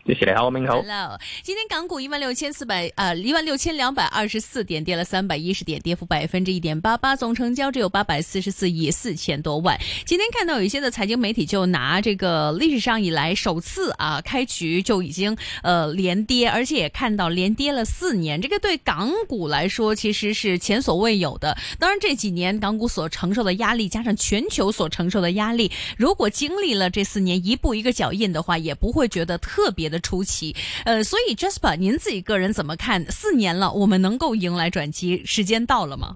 謝謝你，好，明浩。Hello，今天港股一萬六千四百呃，一萬六千兩百二十四點，跌了三百一十點，跌幅百分之一點八八，總成交只有八百四十四億四千多萬。今天看到有一些的財經媒體就拿這個歷史上以來首次啊，開局就已經呃連跌，而且也看到連跌了四年，這個對港股來說其實是前所未有的。當然這幾年港股所承受的壓力，加上全球所承受的壓力，如果經歷了這四年一步一個腳印的話，也不會覺得特別。的初期，誒，所以 Jasper，您自己個人怎麼看？四年了，我們能夠迎來轉機？時間到了嗎？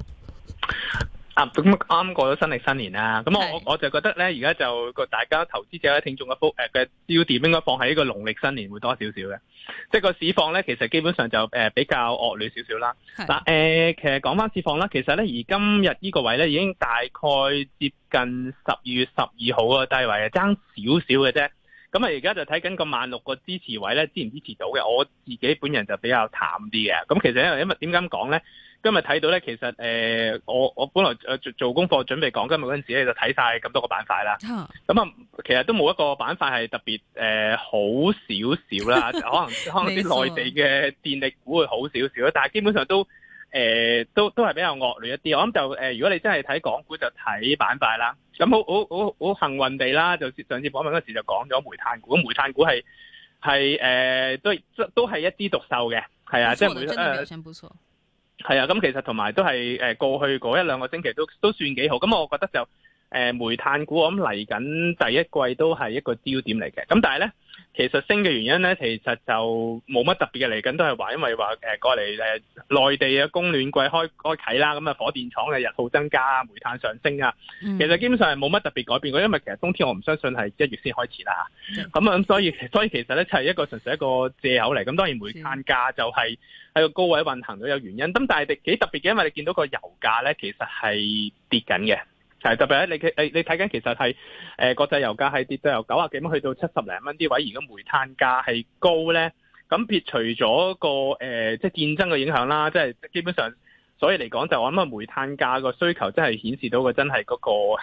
啱啱過咗新曆新年啦，咁我我就覺得咧，而家就個大家投資者咧、聽眾嘅 focus 嘅焦點應該放喺呢個農曆新年會多少少嘅，即係個市況咧，其實基本上就誒比較惡劣少少啦。嗱，誒、呃，其實講翻市況啦，其實咧而今日呢個位咧已經大概接近十二月十二號嘅低位，爭少少嘅啫。咁啊，而家就睇緊個萬六個支持位咧，支唔支持到嘅？我自己本人就比較淡啲嘅。咁其實因為點解咁講咧？今日睇到咧，其實誒，我、呃、我本來誒做做功課準備講今日嗰陣時咧，就睇晒咁多個板塊啦。咁啊，其實都冇一個板塊係特別誒、呃、好少少啦，就可能 可能啲內地嘅電力股會好少少，但係基本上都。誒、呃，都都係比較惡劣一啲，我諗就誒、呃，如果你真係睇港股就睇板塊啦。咁好好好好幸運地啦，就上次訪問嗰時候就講咗煤炭股，煤炭股係係誒都是都係一枝獨秀嘅，係啊，的即係誒，係、呃、啊。咁其實同埋都係誒、呃、過去嗰一兩個星期都都算幾好。咁我覺得就，誒、呃、煤炭股我諗嚟緊第一季都係一個焦點嚟嘅。咁但係咧。其實升嘅原因咧，其實就冇乜特別嘅嚟緊，都係話因為話誒、呃、過嚟誒、呃、內地嘅供暖季開開啟啦，咁啊火電廠嘅日耗增加，煤炭上升啊，其實基本上係冇乜特別改變嘅，因為其實冬天我唔相信係一月先開始啦，咁啊咁所以所以其實咧就係一個純粹一個借口嚟，咁當然煤炭價就係喺個高位運行都有原因，咁但係幾特別嘅，因為你見到個油價咧其實係跌緊嘅。係特別咧，你嘅你你睇緊其實係誒、呃、國際油價係跌到由九十幾蚊去到七十零蚊啲位，而家煤炭價係高咧。咁撇除咗、那個誒、呃、即係戰爭嘅影響啦，即係基本上，所以嚟講就我諗，個煤炭價個需求真係顯示到的真是、那個真係嗰個誒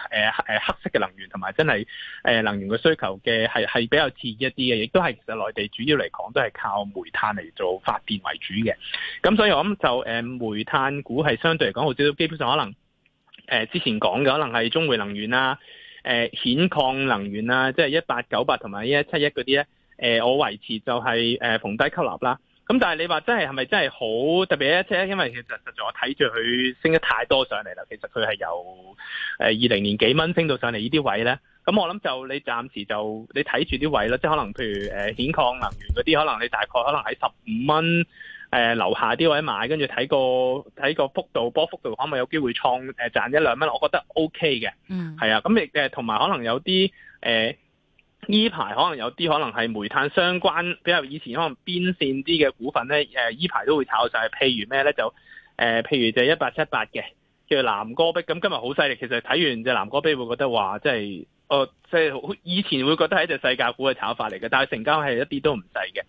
黑色嘅能源同埋真係誒能源嘅需求嘅係係比較熱一啲嘅，亦都係其實內地主要嚟講都係靠煤炭嚟做發電為主嘅。咁所以我諗就誒、呃、煤炭股係相對嚟講，好少，基本上可能。誒、呃、之前講嘅可能係中煤能源啦，誒、呃、兗礦能源啦，即係一八九八同埋一一七一嗰啲咧，我維持就係逢低吸納啦。咁但係你話真係係咪真係好特別咧？即係因為其實實在我睇住佢升得太多上嚟啦，其實佢係由誒二零年幾蚊升到上嚟呢啲位咧。咁我諗就你暫時就你睇住啲位啦，即可能譬如誒兗礦能源嗰啲，可能你大概可能喺十五蚊，誒、呃、樓下啲位買，跟住睇個睇個幅度波幅度可唔可以有機會創誒、呃、賺一兩蚊？我覺得 OK 嘅，嗯，係啊，咁亦同埋可能有啲誒呢排可能有啲可能係煤炭相關比較以前可能邊線啲嘅股份咧，呢、呃、排都會炒晒。譬如咩咧就誒、呃、譬如就一八七八嘅叫做南戈壁。咁今日好犀利。其實睇完隻南戈壁會覺得話，即係哦，即、就、係、是呃、以前會覺得係隻細價股嘅炒法嚟嘅，但係成交係一啲都唔細嘅。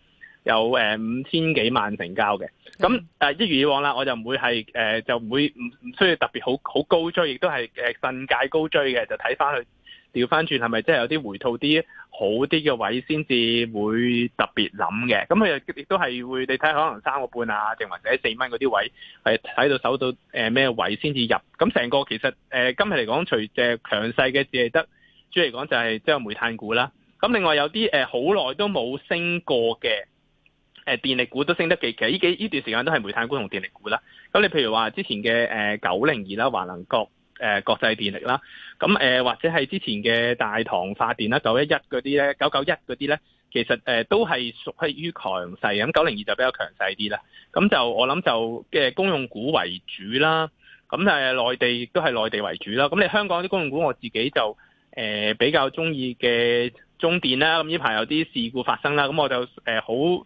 有誒五千幾萬成交嘅，咁、嗯、一如以往啦，我就唔會係誒就唔會唔唔需要特別好好高追，亦都係誒新界高追嘅，就睇翻去調翻轉係咪即係有啲回吐啲好啲嘅位先至會特別諗嘅。咁佢亦都係會你睇可能三個半啊，定或者四蚊嗰啲位係睇到手到誒咩位先至入，咁成個其實誒、呃、今日嚟講，除誒強勢嘅只係得主要嚟講就係即係煤炭股啦，咁另外有啲誒好耐都冇升過嘅。誒電力股都升得幾急，其實呢幾呢段時間都係煤炭股同電力股啦。咁你譬如話之前嘅誒九零二啦，華能國誒國際電力啦，咁誒或者係之前嘅大唐發電啦，九一一嗰啲咧，九九一嗰啲咧，其實誒、呃、都係屬於強勢，咁九零二就比較強勢啲啦。咁就我諗就嘅公用股為主啦，咁就內地都係內地為主啦。咁你香港啲公用股我自己就誒、呃、比較中意嘅中電啦。咁呢排有啲事故發生啦，咁我就誒好。呃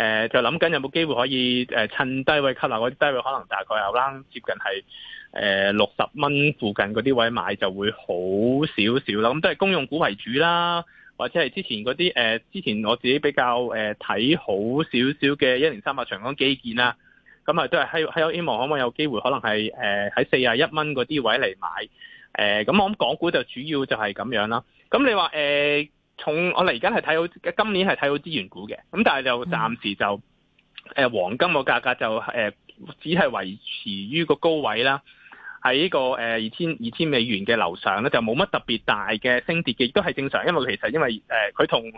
誒、呃、就諗緊有冇機會可以、呃、趁低位吸納嗰啲低位，可能大概有啦，接近係誒六十蚊附近嗰啲位買就會好少少啦。咁都係公用股為主啦，或者係之前嗰啲誒之前我自己比較誒睇、呃、好少少嘅一零三八長江基建啦。咁啊都係希希有希望可唔可以有機會可能係誒喺四十一蚊嗰啲位嚟買咁、呃、我諗港股就主要就係咁樣啦。咁你話誒，呃從我哋而家係睇好今年係睇好資源股嘅，咁但係就暫時就誒黃金個價格就、呃、只係維持於個高位啦，喺呢、這個誒二千二千美元嘅樓上咧，就冇乜特別大嘅升跌嘅，亦都係正常，因為其實因為誒佢同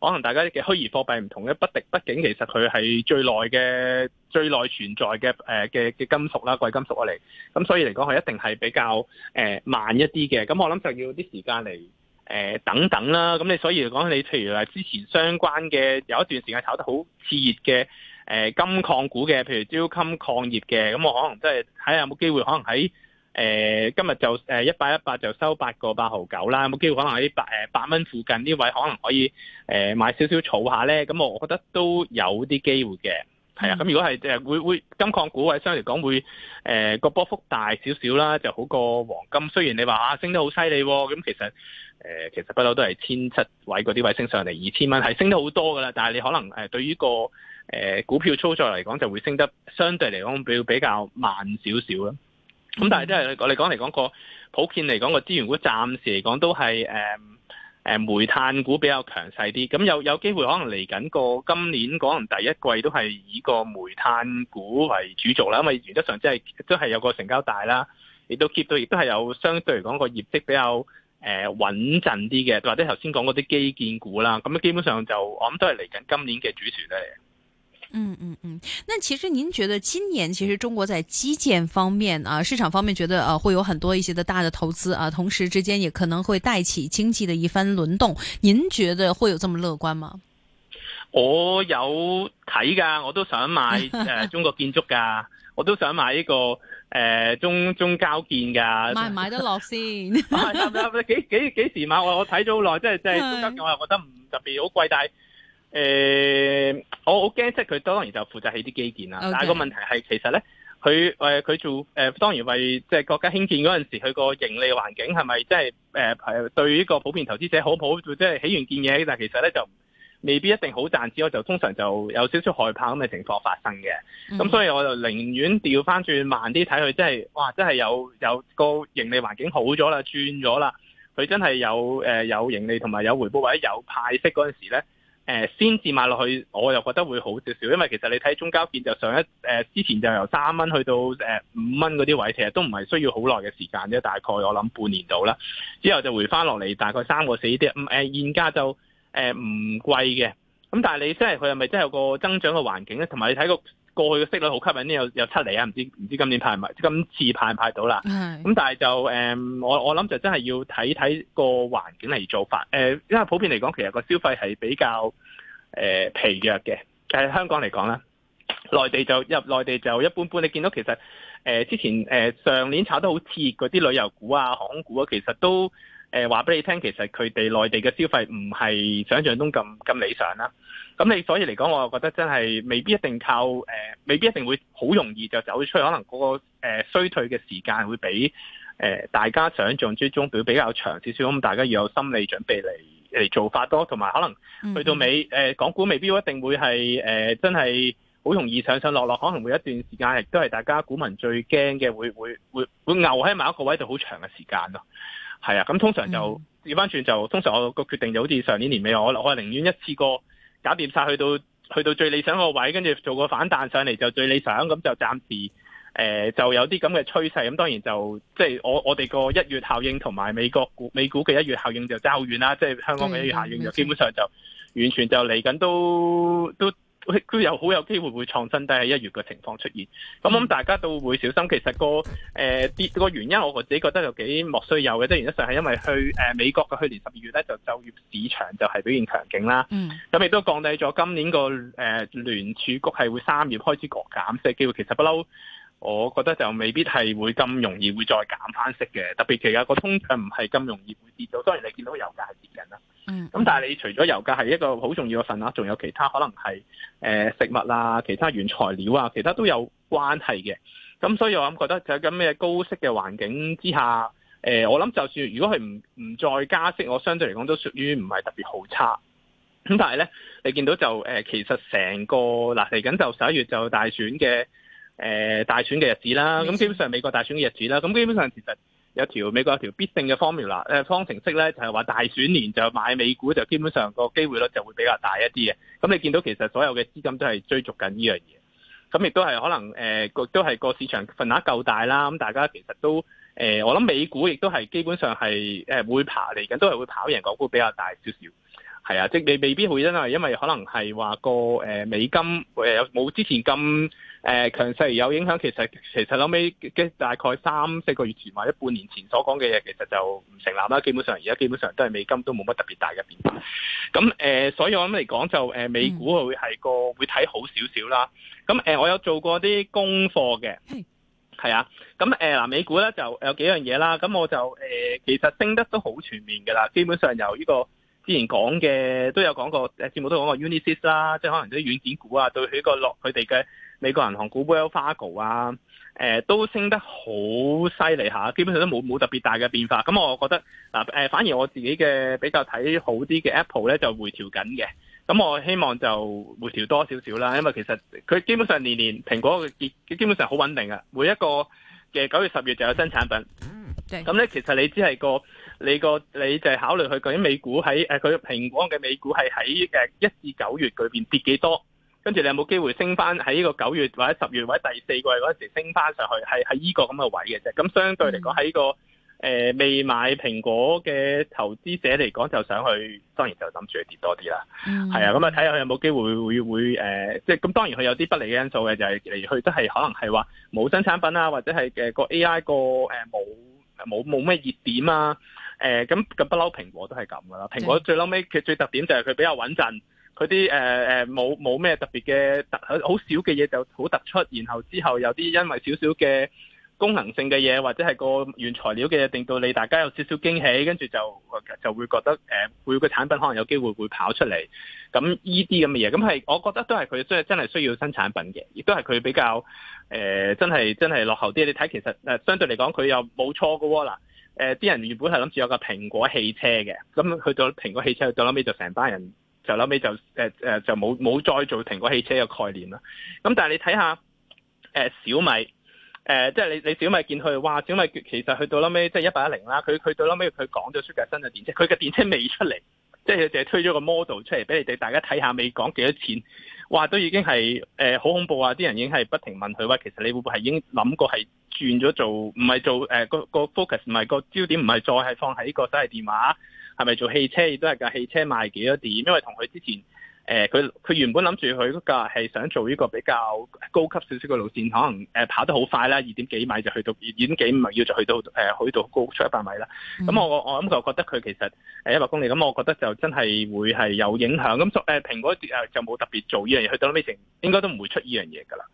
可能大家嘅虛擬貨幣唔同嘅，不敵畢竟其實佢係最耐嘅最耐存在嘅嘅嘅金屬啦，貴金屬嚟，咁所以嚟講係一定係比較誒、呃、慢一啲嘅，咁我諗就要啲時間嚟。誒、呃、等等啦，咁你所以講講，你譬如話之前相關嘅有一段時間炒得好熾熱嘅誒、呃、金礦股嘅，譬如招金礦業嘅，咁我可能即係睇下有冇機會，可能喺誒、呃、今日就誒一八一八就收八個八毫九啦，有冇機會可能喺八八蚊附近呢位可能可以誒、呃、買少少儲下咧，咁我覺得都有啲機會嘅。係啊，咁如果係誒會會金礦股位相對嚟講會誒個、呃、波幅大少少啦，就好過黃金。雖然你話啊升得好犀利喎，咁其實誒、呃、其實不嬲都係千七位嗰啲位升上嚟二千蚊，係升得好多噶啦。但係你可能誒對於個誒、呃、股票操作嚟講，就會升得相對嚟講比比較慢少少啦。咁、嗯、但係都係我你講嚟講個普遍嚟講個資源股暫時嚟講都係誒。呃誒煤炭股比較強勢啲，咁有有機會可能嚟緊個今年可能第一季都係以個煤炭股為主軸啦，因為原則上即係都係有個成交大啦，亦都 keep 到，亦都係有相對嚟講個業績比較誒、呃、穩陣啲嘅，或者頭先講嗰啲基建股啦，咁基本上就我諗都係嚟緊今年嘅主旋律嚟。嗯嗯嗯，那、嗯、其實您覺得今年其實中國在基建方面啊，市場方面覺得啊會有很多一些的大的投資啊，同時之間也可能會帶起經濟的一番輪動，您覺得會有這麼樂觀嗎？我有睇噶，我都想買誒、呃、中國建築噶， 我都想買呢、這個誒、呃、中中交建噶， 買買得落先， 幾幾幾時買？我我睇咗好耐，即係即係中交建我又覺得唔特別好貴，但係。誒、欸，我好驚即係佢當然就負責起啲基建啦。Okay. 但係個問題係，其實咧佢誒佢做誒，當然為即係國家興建嗰陣時，佢個盈利環境係咪真係誒係對於呢個普遍投資者好，好？好即係起完建嘢，但係其實咧就未必一定好賺錢。我就通常就有少少害怕咁嘅情況發生嘅。咁、mm. 所以我就寧願調翻轉慢啲睇佢，即係哇，真係有有個盈利環境好咗啦，轉咗啦，佢真係有誒有盈利同埋有回報或者有派息嗰陣時咧。誒先至買落去，我又覺得會好少少，因為其實你睇中交建就上一誒、呃、之前就由三蚊去到誒五蚊嗰啲位置，其實都唔係需要好耐嘅時間啫，大概我諗半年度啦。之後就回翻落嚟大概三個四啲，唔、呃、現價就誒唔、呃、貴嘅，咁但係你即係佢係咪真係有個增長嘅環境咧？同埋你睇個。過去嘅息率好吸引呢，有有七釐啊，唔知唔知今年派唔派，今次派唔派到啦。咁但係就誒，我我諗就真係要睇睇個環境嚟做法。誒，因為普遍嚟講，其實個消費係比較誒、呃、疲弱嘅。誒，香港嚟講咧，內地就入內地就一般般。你見到其實誒、呃、之前誒、呃、上年炒得好似嗰啲旅遊股啊、航空股啊，其實都。誒話俾你聽，其實佢哋內地嘅消費唔係想像中咁咁理想啦。咁你所以嚟講，我覺得真係未必一定靠誒、呃，未必一定會好容易就走出去可能嗰、那個、呃、衰退嘅時間，會比誒、呃、大家想象之中會比較長少少。咁大家要有心理準備嚟嚟、呃、做法多，同埋可能去到尾誒、mm-hmm. 呃、港股未必一定會係、呃、真係好容易上上落落。可能會一段時間亦都係大家股民最驚嘅，會會會會牛喺某一個位度好長嘅時間咯。係啊，咁通常就調翻轉，就通常我個決定就好似上年年尾，我我係寧願一次過搞掂晒，去到去到最理想個位，跟住做個反彈上嚟就最理想。咁就暫時誒、呃、就有啲咁嘅趨勢。咁當然就即係我我哋個一月效應同埋美國股美股嘅一月效應就爭好遠啦。即係香港嘅一月效應就基本上就完全就嚟緊都都。都都有好有機會會創新低喺一月嘅情況出現，咁我諗大家都會小心。其實、那個誒啲個原因，我自己覺得就幾莫須有嘅。即係原則上係因為去誒、呃、美國嘅去年十二月咧，就就業市場就係表現強勁啦。咁、嗯、亦都降低咗今年個誒、呃、聯儲局係會三月開始降減嘅機會。其實不嬲。我覺得就未必係會咁容易會再減翻息嘅，特別其實個通脹唔係咁容易會跌到。當然你見到油價係跌緊啦，咁、嗯、但係你除咗油價係一個好重要嘅份額，仲有其他可能係誒食物啊、其他原材料啊，其他都有關係嘅。咁所以我諗覺得就咁咩高息嘅環境之下，誒我諗就算如果佢唔唔再加息，我相對嚟講都屬於唔係特別好差。咁但係咧，你見到就誒其實成個嗱嚟緊就十一月就大選嘅。誒、呃，大選嘅日子啦，咁基本上美國大選嘅日子啦，咁基本上其實有條美國有條必定嘅 formula 啦。誒，方程式咧就係、是、話大選年就買美股就基本上個機會率就會比較大一啲嘅。咁你見到其實所有嘅資金都係追逐緊呢樣嘢，咁亦都係可能誒、呃，都係個市場份額夠大啦。咁大家其實都誒、呃，我諗美股亦都係基本上係誒會爬嚟緊，都係會跑贏港股比較大少少係啊。即係未，未必會因啊，因為可能係話個誒、呃、美金誒有冇之前咁。誒、呃、強勢有影響，其實其實諗尾大概三四個月前或者半年前所講嘅嘢，其實就唔成立啦。基本上而家基本上都係美金都冇乜特別大嘅變化。咁、呃、所以我諗嚟講就、呃、美股會係個會睇好少少啦。咁、呃、我有做過啲功課嘅，係、嗯、啊。咁嗱、呃，美股咧就有幾樣嘢啦。咁我就、呃、其實升得都好全面㗎啦。基本上由呢個之前講嘅都有講過，節目都講講過 Unisys 啦，即係可能啲軟件股啊，對佢個落佢哋嘅。美國銀行股 Wells Fargo 啊，誒、呃、都升得好犀利吓，基本上都冇冇特別大嘅變化。咁我覺得嗱，誒、呃、反而我自己嘅比較睇好啲嘅 Apple 咧就回調緊嘅。咁我希望就回調多少少啦，因為其實佢基本上年年蘋果嘅結，基本上好穩定啊。每一個嘅九月十月就有新產品。嗯。咁咧其實你只係個你個你就係考慮佢究竟美股喺佢蘋果嘅美股係喺一至九月裏面跌幾多？跟住你有冇機會升翻喺呢個九月或者十月或者第四季嗰時升翻上去？係喺呢個咁嘅位嘅啫。咁相對嚟講喺呢個誒未、呃、買蘋果嘅投資者嚟講，就想去當然就諗住去跌多啲啦。係、嗯、啊，咁啊睇下佢有冇機會會會誒、呃，即係咁當然佢有啲不利嘅因素嘅，就係嚟去都係可能係話冇新產品啊，或者係嘅個 A I 個誒冇冇冇咩熱點啊。咁咁不嬲蘋果都係咁噶啦。蘋果最嬲尾佢最特點就係佢比較穩陣。佢啲誒冇冇咩特別嘅特好少嘅嘢就好突出，然後之後有啲因為少少嘅功能性嘅嘢，或者係個原材料嘅嘢，令到你大家有少少驚喜，跟住就就會覺得誒、呃、每個產品可能有機會會跑出嚟。咁依啲咁嘅嘢，咁係我覺得都係佢真係真係需要新產品嘅，亦都係佢比較誒、呃、真係真係落後啲。你睇其實誒相對嚟講，佢又冇錯嘅喎嗱。誒啲人原本係諗住有個蘋果汽車嘅，咁去到蘋果汽車到後尾就成班人。就撚尾、呃、就就冇冇再做停車汽車嘅概念啦。咁、嗯、但你睇下、呃、小米即係、呃即係、你你小米見佢話小米其實去到撚尾即係一百一零啦。佢、就、佢、佢、到撚尾佢講咗出嚟新嘅電車，佢嘅電車未出嚟，即係就係、淨係、推咗個 model 出嚟俾你哋大家睇下，未講幾多錢，話都已經係好、呃、恐怖啊！啲人已經係不停問佢話，其實你會唔會係已經諗過係轉咗做唔係做、呃嗰個嗰個 focus 唔係個焦點唔係再係放喺個手提電話？係咪做汽車亦都係架汽車賣幾多點？因為同佢之前，誒佢佢原本諗住佢嗰架係想做呢個比較高級少少嘅路線，可能、呃、跑得好快啦，二點幾米就去到二點幾五，要就去到誒去、呃、去到高出一百米啦。咁我我我就覺得佢其實誒一百公里，咁我覺得就真係會係有影響。咁誒蘋果誒就冇特別做呢樣嘢，去到尾城應該都唔會出呢樣嘢㗎啦。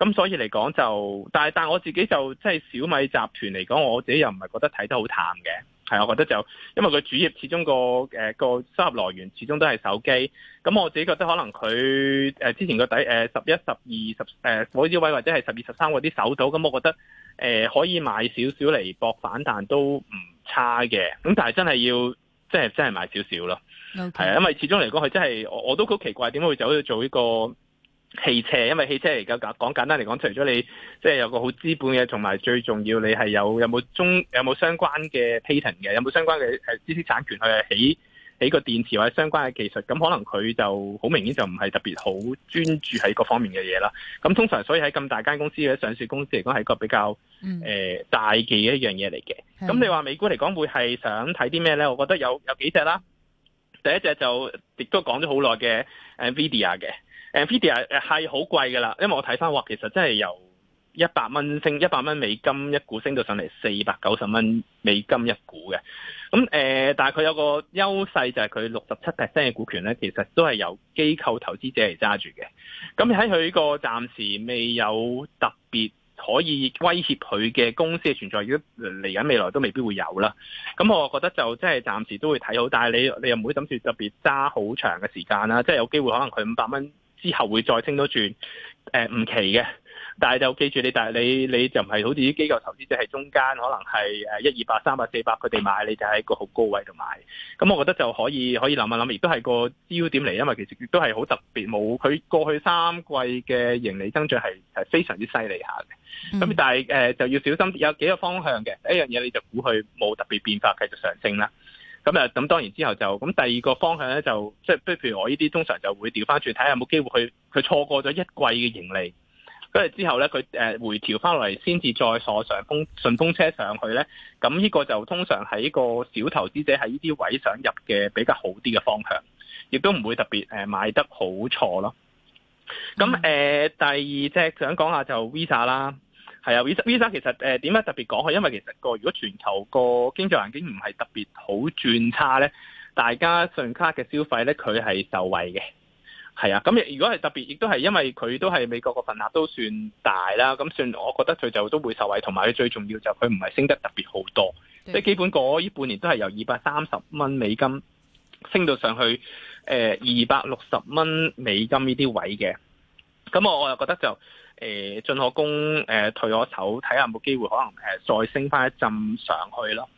咁所以嚟講就，但但係我自己就即係小米集團嚟講，我自己又唔係覺得睇得好淡嘅。係，我覺得就因為佢主業始終個誒個、呃、收入來源始終都係手機，咁我自己覺得可能佢誒、呃、之前個底誒十一、十二、十誒嗰啲位或者係十二、十三嗰啲手到，咁我覺得誒、呃、可以買少少嚟博反彈都唔差嘅，咁但係真係要即係真係買少少咯，係啊，因為始終嚟講佢真係我我都好奇怪點解會走去做呢個。汽車，因為汽車而家講講簡單嚟講，除咗你即係、就是、有個好資本嘅，同埋最重要是你係有有冇中有冇相關嘅 patent 嘅，有冇相關嘅誒知識產權去起起個電池或者相關嘅技術，咁可能佢就好明顯就唔係特別好專注喺各方面嘅嘢啦。咁通常所以喺咁大間公司或者上市公司嚟講，係一個比較誒、嗯呃、大忌嘅一樣嘢嚟嘅。咁你話美股嚟講會係想睇啲咩咧？我覺得有有幾隻啦，第一隻就亦都講咗好耐嘅 Nvidia 嘅。誒 Nvidia 係好貴㗎啦，因為我睇翻話，其實真係由一百蚊升一百蚊美金一股，升到上嚟四百九十蚊美金一股嘅。咁誒、呃，但係佢有個優勢就係佢六十七 percent 嘅股權咧，其實都係由機構投資者嚟揸住嘅。咁喺佢個暫時未有特別可以威脅佢嘅公司嘅存在，如果嚟緊未來都未，未必會有啦。咁我覺得就即係暫時都會睇好，但係你你又唔會諗住特別揸好長嘅時間啦。即係有機會可能佢五百蚊。之後會再升多轉，誒、呃、唔奇嘅，但係就記住你，但係你你就唔係好似啲機構投資者喺中間，可能係誒一二百三百四百佢哋買，你就喺個好高位度買，咁我覺得就可以可以諗一諗，亦都係個焦點嚟，因為其實亦都係好特別，冇佢過去三季嘅盈利增長係非常之犀利下嘅，咁但係誒、呃、就要小心，有幾個方向嘅一樣嘢，你就估佢冇特別變化，繼續上升啦。咁啊，咁當然之後就，咁第二個方向咧就，即係，即係譬如我呢啲通常就會調翻轉睇下有冇機會去，佢錯過咗一季嘅盈利，跟住之後咧，佢誒回調翻嚟，先至再坐上風順風車上去咧，咁呢個就通常係一個小投資者喺呢啲位想入嘅比較好啲嘅方向，亦都唔會特別誒買得好錯咯。咁誒、呃，第二隻想講下就 Visa 啦。係啊，Visa Visa 其實誒，點解特別講？係因為其實個如果全球個經濟環境唔係特別好轉差咧，大家信用卡嘅消費咧，佢係受惠嘅。係啊，咁如果係特別，亦都係因為佢都係美國個份額都算大啦，咁算我覺得佢就都會受惠。同埋佢最重要就佢唔係升得特別好多，即係基本嗰呢半年都係由二百三十蚊美金升到上去，誒二百六十蚊美金呢啲位嘅。咁我我又覺得就。誒進可攻，誒、呃、退我守，睇下有冇機會可能、呃、再升翻一浸上去咯。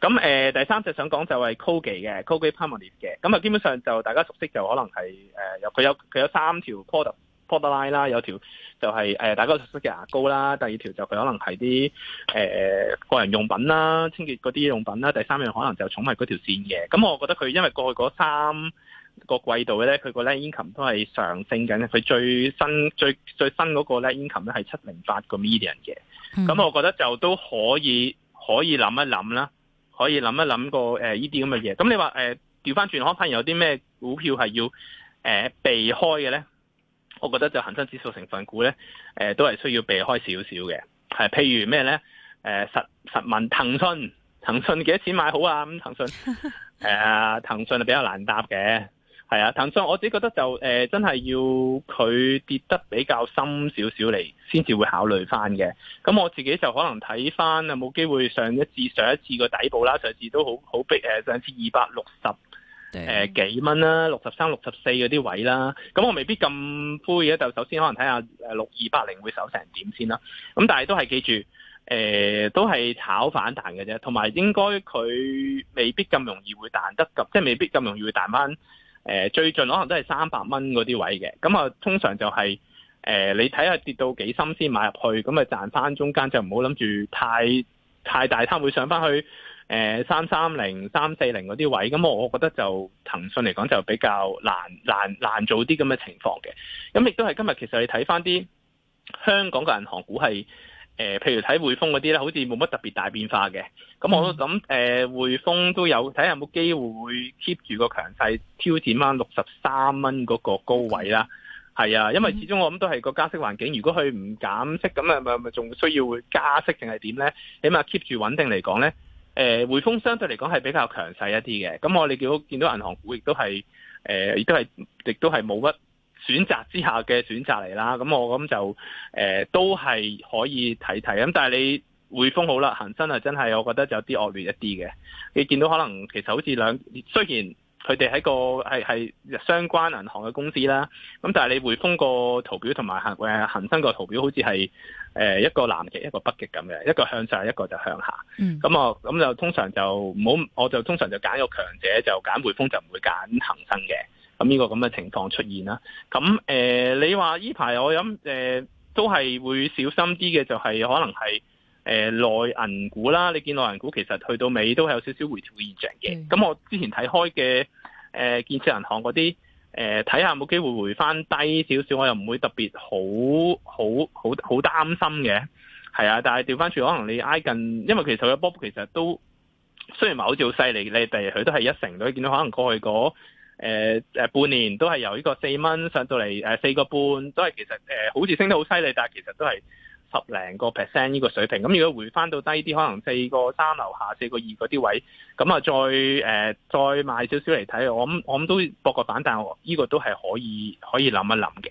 咁、嗯、誒、呃、第三隻想講就係 Colgate 嘅 Colgate Palmolive 嘅。咁啊、嗯、基本上就大家熟悉就可能係誒，呃、有佢有佢有三條 product product line 啦，有條就係、是呃、大家熟悉嘅牙膏啦，第二條就佢可能係啲誒個人用品啦、清潔嗰啲用品啦，第三樣可能就寵物嗰條線嘅。咁、嗯、我覺得佢因為過去嗰三個季度咧，佢個咧 income 都係上升緊。佢最新最最新嗰個咧 income 咧係七零八個 million 嘅。咁我覺得就都可以可以諗一諗啦，可以諗一諗個誒呢啲咁嘅嘢。咁、呃、你話誒調翻轉可否有啲咩股票係要誒、呃、避開嘅咧？我覺得就恒生指數成分股咧，誒、呃、都係需要避開少少嘅。係、呃、譬如咩咧？誒、呃、實實問騰訊，騰訊幾多錢買好啊？咁騰訊誒騰訊係比較難答嘅。係啊，騰訊我自己覺得就誒、呃，真係要佢跌得比較深少少嚟，先至會考慮翻嘅。咁我自己就可能睇翻啊，冇機會上一次，上一次個底部啦，上一次都好好逼誒、呃，上次二百六十幾蚊啦，六十三、六十四嗰啲位啦。咁我未必咁灰嘅，就首先可能睇下誒六二百零會守成點先啦。咁但係都係記住誒、呃，都係炒反彈嘅啫。同埋應該佢未必咁容易會彈得咁，即係未必咁容易會彈翻。誒最近可能都係三百蚊嗰啲位嘅，咁啊通常就係、是、誒、呃、你睇下跌到幾深先買入去，咁啊賺翻中間就唔好諗住太太大，貪會上翻去誒三三零、三四零嗰啲位，咁我覺得就騰訊嚟講就比較難難難做啲咁嘅情況嘅，咁亦都係今日其實你睇翻啲香港嘅銀行股係。誒、呃，譬如睇匯豐嗰啲咧，好似冇乜特別大變化嘅。咁我諗，誒、呃、匯豐都有睇下有冇機會 keep 住個強勢，挑戰翻六十三蚊嗰個高位啦。係啊，因為始終我諗都係個加息環境，如果佢唔減息，咁啊咪咪仲需要會加息定係點咧？起碼 keep 住穩定嚟講咧，誒、呃、匯豐相對嚟講係比較強勢一啲嘅。咁我哋見到見到銀行股亦、呃、都係誒亦都係亦都係冇乜。選擇之下嘅選擇嚟啦，咁我咁就誒、呃、都係可以睇睇咁，但係你匯豐好啦，恒生啊真係我覺得就有啲惡劣一啲嘅。你見到可能其實好似兩，雖然佢哋喺個係係相關銀行嘅公司啦，咁但係你匯豐個圖表同埋恒誒恒生個圖表好似係誒一個南極一個北極咁嘅，一個向上一個就向下。咁、嗯、我咁就通常就唔好，我就通常就揀個強者，就揀匯豐就唔會揀恒生嘅。咁呢個咁嘅情況出現啦。咁誒、呃，你話呢排我諗誒、呃、都係會小心啲嘅，就係可能係誒、呃、內銀股啦。你見內銀股其實去到尾都係有少少回調現象嘅。咁、嗯、我之前睇開嘅誒、呃、建設銀行嗰啲誒，睇下有冇機會回翻低少少，我又唔會特別好好好好，好擔心嘅。係啊，但係調翻轉可能你挨近，因為其實佢嘅波，波其實都雖然冇好似好犀利你，但係佢都係一成到，見到可能過去嗰。誒、呃、誒，半年都係由呢個四蚊上到嚟誒四個半，呃、都係其實誒、呃、好似升得好犀利，但係其實都係十零個 percent 呢、呢個水平。咁如果回翻到低啲，可能四個三樓下四個二嗰啲位，咁啊再誒、呃、再買少少嚟睇，我諗我諗都博個反彈，呢、呢個都係可以可以諗一諗嘅。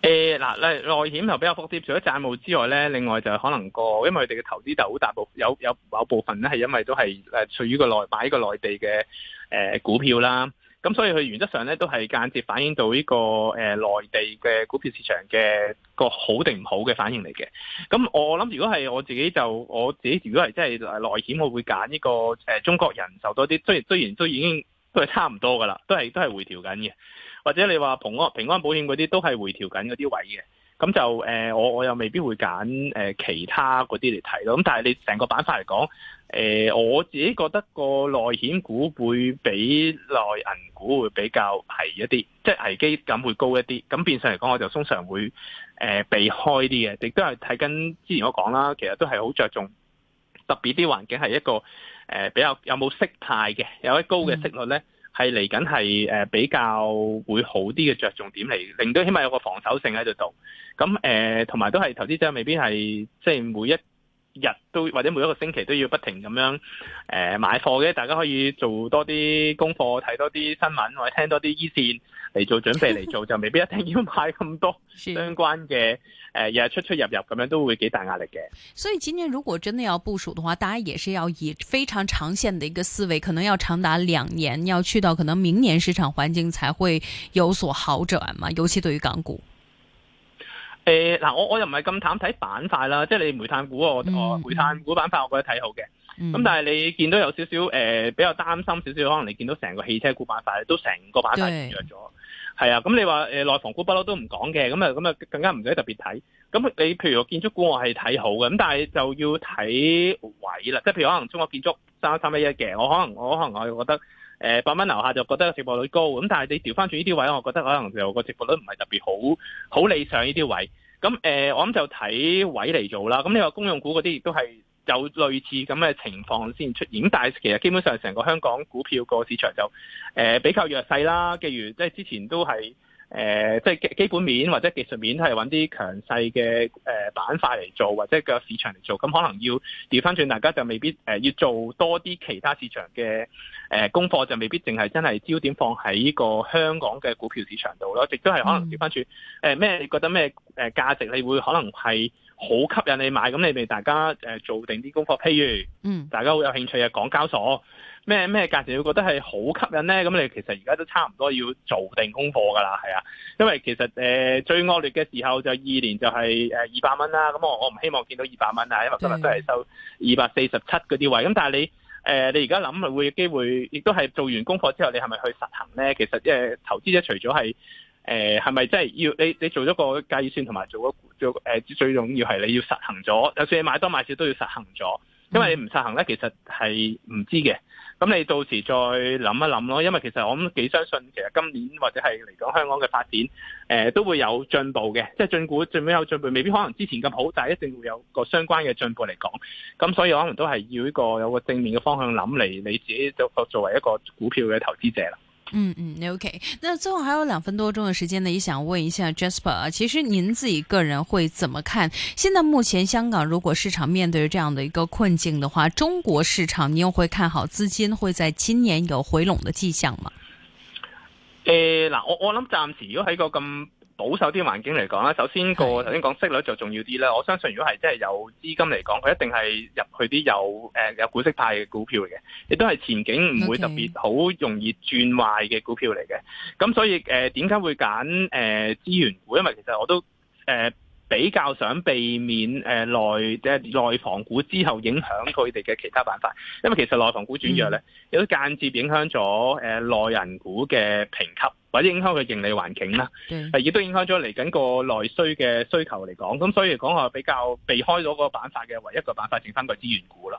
誒、呃、嗱，內內險就比較伏貼，除咗債務之外咧，另外就可能個，因為佢哋嘅投資就好大部有有某部分咧，係因為都係誒，隨於個內買個內地嘅誒、呃、股票啦，咁所以佢原則上咧都係間接反映到呢、這個誒內、呃、地嘅股票市場嘅個好定唔好嘅反應嚟嘅。咁我諗如果係我自己就我自己，如果係真係內險，我會揀呢、這個誒、呃、中國人壽多啲，雖然雖然都已經都係差唔多噶啦，都係都係回調緊嘅。或者你話平安、平安保險嗰啲都係回調緊嗰啲位嘅，咁就誒我、呃、我又未必會揀、呃、其他嗰啲嚟睇咯。咁但係你成個板塊嚟講，誒、呃、我自己覺得個內險股會比內銀股會比較係一啲，即係危機感會高一啲。咁變相嚟講，我就通常會誒、呃、避開啲嘅，亦都係睇緊之前我講啦，其實都係好着重特別啲環境係一個誒、呃、比較有冇息態嘅，有啲高嘅息率咧。嗯係嚟緊係誒比較會好啲嘅着重點嚟，令到起碼有個防守性喺度度，咁誒同埋都係投資者未必係即係每一日都或者每一個星期都要不停咁樣誒買貨嘅，大家可以做多啲功課，睇多啲新聞或者聽多啲醫線嚟做準備嚟做， 就未必一定要買咁多相關嘅誒日日出出入入咁樣都會幾大壓力嘅。所以今年如果真的要部署嘅話，大家也是要以非常長線的一個思維，可能要長達兩年，要去到可能明年市場環境才會有所好轉嘛，尤其對於港股。誒、呃、嗱，我我又唔係咁淡睇板塊啦，即係你煤炭股我我、嗯哦、煤炭股板塊，我覺得睇好嘅。咁、嗯、但係你見到有少少誒，比較擔心少少，可能你見到成個汽車股板塊都成個板塊軟弱咗。係啊，咁你話誒內房股不嬲都唔講嘅，咁啊咁啊更加唔使特別睇。咁你譬如建築股我，我係睇好嘅，咁但係就要睇位啦。即係譬如可能中國建築三三一一嘅，我可能我可能我覺得誒八蚊樓下就覺得值博率高。咁但係你調翻轉呢啲位，我覺得可能就個值博率唔係特別好，好理想呢啲位。咁誒、呃，我諗就睇位嚟做啦。咁你話公用股嗰啲亦都係。有類似咁嘅情況先出現，但係其實基本上成個香港股票個市場就誒、呃、比較弱勢啦。譬如即係之前都係誒、呃、即係基本面或者技術面都係搵啲強勢嘅誒板塊嚟做，或者個市場嚟做。咁可能要調翻轉，大家就未必、呃、要做多啲其他市場嘅誒、呃、功課，就未必淨係真係焦點放喺個香港嘅股票市場度咯。亦都係可能調翻轉誒咩？嗯呃、你覺得咩誒、呃、價值，你會可能係。好吸引你買，咁你哋大家誒做定啲功課，譬如，嗯，大家好有興趣嘅港交所咩咩價錢，你覺得係好吸引呢？咁你其實而家都差唔多要做定功課㗎喇，係啊，因為其實誒、呃、最惡劣嘅時候就二年就係誒二百蚊啦，咁我我唔希望見到二百蚊啊，因為今日都係收二百四十七嗰啲位，咁但係你誒、呃、你而家諗會有機會，亦都係做完功課之後，你係咪去實行呢？其實、呃、投資者除咗係。誒係咪真係要你？你做咗個計算同埋做咗做個、呃、最重要係你要實行咗，就算你買多買少都要實行咗，因為你唔實行咧，其實係唔知嘅。咁你到時再諗一諗咯，因為其實我諗幾相信，其實今年或者係嚟講香港嘅發展，誒、呃、都會有進步嘅，即係進股最尾有進步，未必可能之前咁好，但係一定會有個相關嘅進步嚟講。咁所以我可能都係要一個有一個正面嘅方向諗嚟，你自己做作為一個股票嘅投資者啦。嗯嗯，OK。那最後還有兩分多鐘的時間呢，也想問一下 Jasper 其實您自己個人會怎麼看？現在目前香港如果市場面對這樣的一個困境的話，中國市場您又會看好資金會在今年有回籠的迹象嗎？呃，我我諗暫時如果喺個咁。保守啲環境嚟講啦，首先、個頭先講息率就重要啲啦。我相信如果係真係有資金嚟講，佢一定係入去啲有誒、呃、有股息派嘅股票嚟嘅，亦都係前景唔會特別好，容易轉壞嘅股票嚟嘅。咁、okay. 所以誒，點、呃、解會揀誒、呃、資源股。因為其實我都誒。呃比較想避免誒、呃、內即係內房股之後影響佢哋嘅其他板塊，因為其實內房股轉弱咧，亦都間接影響咗誒、呃、內銀股嘅評級，或者影響佢盈利環境啦，亦、啊、都影響咗嚟緊個內需嘅需求嚟講，咁所以講我比較避開咗個板塊嘅唯一個板塊，剩翻個資源股啦。